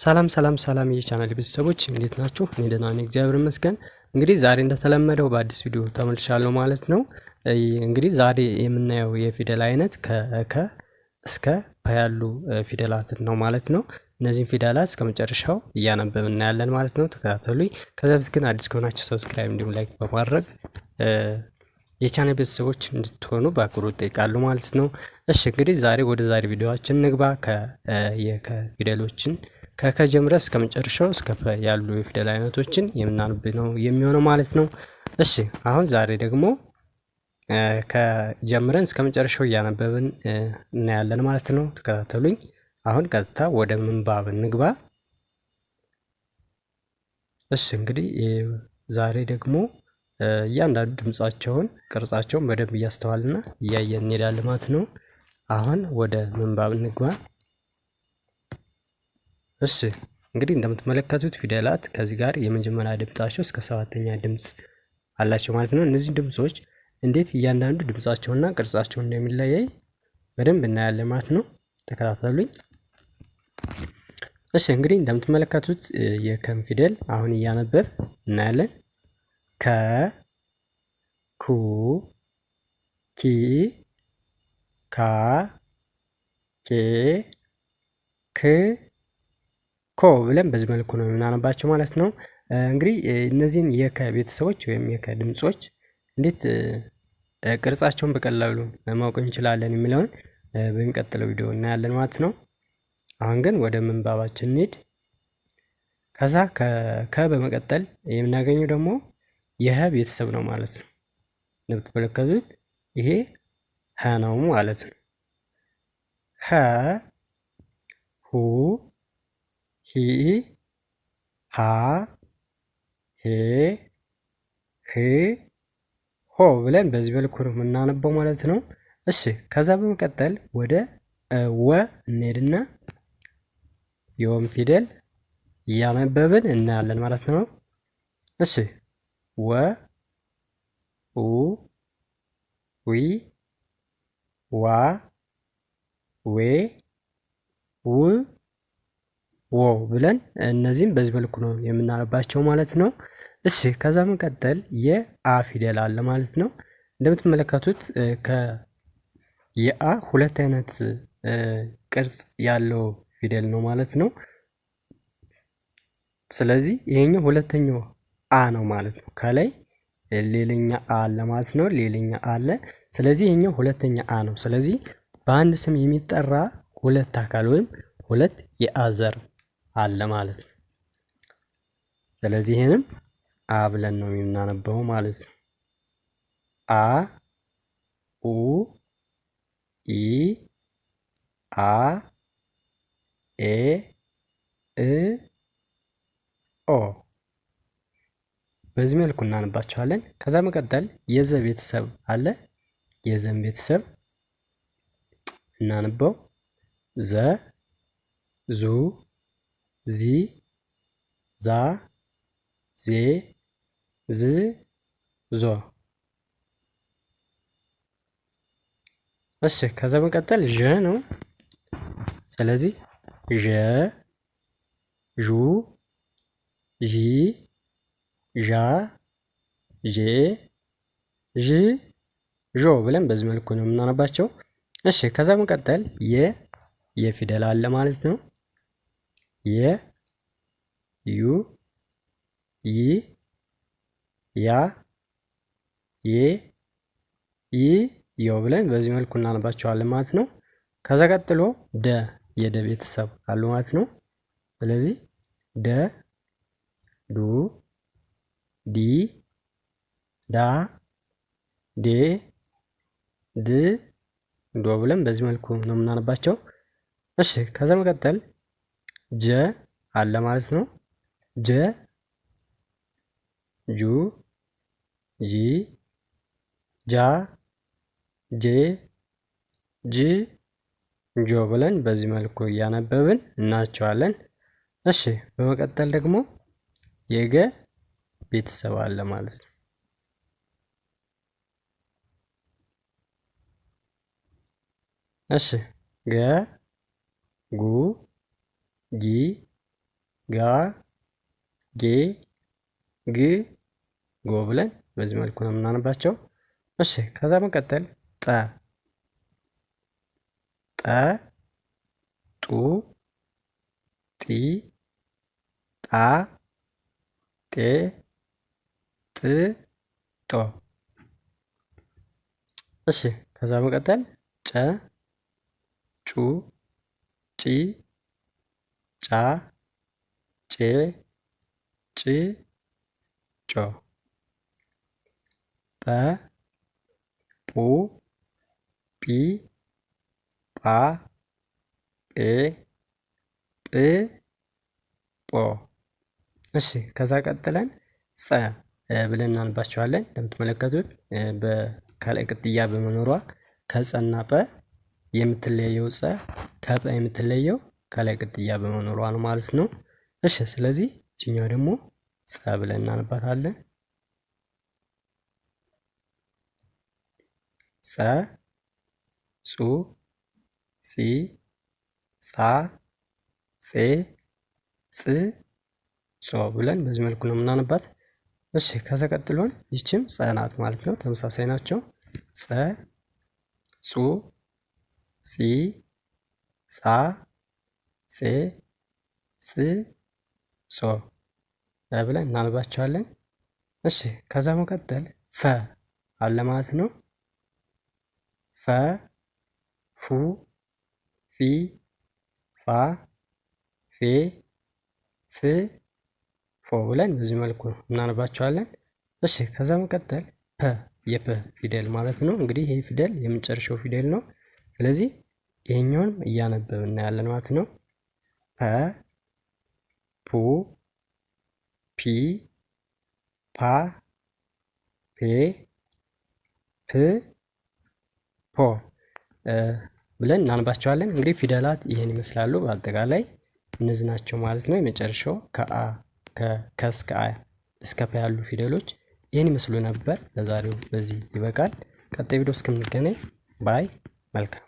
ሰላም ሰላም ሰላም የቻናል ቤተሰቦች እንዴት ናችሁ? እኔ ደህና ነኝ፣ እግዚአብሔር ይመስገን። እንግዲህ ዛሬ እንደተለመደው በአዲስ ቪዲዮ ተመልሻለሁ ማለት ነው። እንግዲህ ዛሬ የምናየው የፊደል አይነት ከእከ እስከ ፐ ያሉ ፊደላትን ነው ማለት ነው። እነዚህም ፊደላት እስከ መጨረሻው እያነበብን እናያለን ማለት ነው። ተከታተሉኝ። ከዛ በፊት ግን አዲስ ከሆናችሁ ሰብስክራይብ እንዲሁም ላይክ በማድረግ የቻናል ቤተሰቦች እንድትሆኑ በአክብሮት እጠይቃለሁ ማለት ነው። እሺ እንግዲህ ዛሬ ወደ ዛሬ ቪዲዮችን ንግባ። ከየከ ፊደሎችን ከከ ጀምረ እስከ መጨረሻው እስከ ፐ ያሉ የፊደል አይነቶችን የምናነብ ነው የሚሆነው ማለት ነው። እሺ አሁን ዛሬ ደግሞ ከጀምረን እስከ መጨረሻው እያነበብን እናያለን ማለት ነው። ተከታተሉኝ። አሁን ቀጥታ ወደ ምንባብ እንግባ። እሺ እንግዲህ ዛሬ ደግሞ እያንዳንዱ ድምጻቸውን፣ ቅርጻቸውን በደንብ እያስተዋልና እያየን እንሄዳለን ማለት ነው። አሁን ወደ ምንባብ እንግባ። እሺ እንግዲህ እንደምትመለከቱት ፊደላት ከዚህ ጋር የመጀመሪያ ድምጻቸው እስከ ሰባተኛ ድምጽ አላቸው ማለት ነው። እነዚህ ድምጾች እንዴት እያንዳንዱ ድምጻቸውና ቅርጻቸው እንደሚለያይ በደንብ እናያለን ማለት ነው። ተከታተሉኝ። እሺ እንግዲህ እንደምትመለከቱት የከም ፊደል አሁን እያነበብ እናያለን። ከ፣ ኩ፣ ኪ፣ ካ፣ ኬ፣ ክ ኮ ብለን በዚህ መልኩ ነው የምናነባቸው ማለት ነው። እንግዲህ እነዚህን የከ ቤተሰቦች ወይም የከ ድምፆች እንዴት ቅርጻቸውን በቀላሉ ማወቅ እንችላለን የሚለውን በሚቀጥለው ቪዲዮ እናያለን ማለት ነው። አሁን ግን ወደ ምንባባችን እንሂድ። ከዛ ከ በመቀጠል የምናገኘው ደግሞ የሀ ቤተሰብ ነው ማለት ነው። እንደምትመለከቱት ይሄ ሀ ነው ማለት ነው። ሀ ሁ ሂ ሃ ሄ ህ ሆ ብለን በዚህ መልኩ ነው የምናነበው ማለት ነው። እሺ ከዛ በመቀጠል ወደ ወ እንሄድና የወም ፊደል እያነበብን እናያለን ማለት ነው። እሺ ወ ው ዊ ዋ ዌ ው ዋው ብለን እነዚህም በዚህ መልኩ ነው የምናነባቸው ማለት ነው። እሺ ከዛ መቀጠል የአ ፊደል አለ ማለት ነው። እንደምትመለከቱት የአ ሁለት አይነት ቅርጽ ያለው ፊደል ነው ማለት ነው። ስለዚህ ይሄኛው ሁለተኛው አ ነው ማለት ነው። ከላይ ሌላኛ አ አለ ማለት ነው። ሌላኛ አለ። ስለዚህ ይሄኛው ሁለተኛ አ ነው። ስለዚህ በአንድ ስም የሚጠራ ሁለት አካል ወይም ሁለት የአ ዘር አለ ማለት ነው። ስለዚህ ይህንም አ ብለን ነው የምናነበው ማለት ነው። አ ኡ ኢ አ ኤ እ ኦ በዚህ መልኩ እናነባቸዋለን። ከዛ መቀጠል የዘ ቤተሰብ አለ። የዘን ቤተሰብ እናነበው ዘ ዙ ዚ ዛ ዜ ዝ ዞ። እሺ ከዛ መቀጠል ዠ ነው። ስለዚህ ዠ ዡ ዢ ዣ ዤ ዥ ዦ ብለን በዚህ መልኩ ነው የምናነባቸው። እሺ ከዛ መቀጠል የ የፊደል አለ ማለት ነው። የ ዩ ይ ያ ዬ ኢ ዮ ብለን በዚህ መልኩ እናነባቸዋለን ማለት ነው። ከዛ ቀጥሎ ደ የደ ቤተሰብ አሉ ማለት ነው። ስለዚህ ደ ዱ ዲ ዳ ዴ ድ ዶ ብለን በዚህ መልኩ ነው የምናነባቸው። እሺ ከዛ መቀጠል ጀ አለ ማለት ነው። ጀ ጁ ጂ ጃ ጄ ጂ ጆ ብለን በዚህ መልኩ እያነበብን እናቸዋለን። እሺ በመቀጠል ደግሞ የገ ቤተሰብ አለ ማለት ነው። እሺ ገ ጉ ጊ ጋ ጌ ግ ጎ ብለን በዚህ መልኩ ነው የምናነባቸው። እሺ ከዛ መቀጠል ጠ ጠ ጡ ጢ ጣ ጤ ጥ ጦ። እሺ ከዛ መቀጠል ጨ ጩ ጪ ጫ ጬ ጭ ጮ ጰ ጱ ጲ ጳ ጴ ጵ ጶ እሺ ከዛ ቀጥለን ጸ ብለን እናንባቸዋለን። እንደምትመለከቱት ከላይ ቅጥያ በመኖሯ ከጸና ጰ የምትለየው ጸ ከጰ የምትለየው ከላይ ቅጥያ በመኖሯ ነው ማለት ነው። እሺ ስለዚህ እችኛው ደግሞ ፀ ብለን እናነባታለን። ጹ ጺ ጻ ጼ ጽ ጾ ብለን በዚህ መልኩ ነው የምናነባት። እሺ ከዛ ቀጥሎን ይችም ፀ ናት ማለት ነው። ተመሳሳይ ናቸው። ፀ ጹ ጺ ጻ ጼ ጽ ጾ ብለን እናልባቸዋለን። እሺ ከዛ መቀጠል ፈ አለ ማለት ነው። ፈ ፉ ፊ ፋ ፌ ፍ ፎ ብለን በዚህ መልኩ እናልባቸዋለን። እሺ ከዛ መቀጠል ፐ የፐ ፊደል ማለት ነው። እንግዲህ ይህ ፊደል የምንጨርሸው ፊደል ነው። ስለዚህ ይህኛውንም እያነበብ እናያለን ማለት ነው። ፐ ፑ ፒ ፓ ፔ ፕ ፖ ብለን እናንባቸዋለን። እንግዲህ ፊደላት ይህን ይመስላሉ። በአጠቃላይ እነዚህ ናቸው ማለት ነው። የመጨረሻው ከአ ከከ አ እስከ ፐ ያሉ ፊደሎች ይህን ይመስሉ ነበር። ለዛሬው በዚህ ይበቃል። ቀጣይ ቪዲዮ እስከምንገናኝ ባይ። መልካም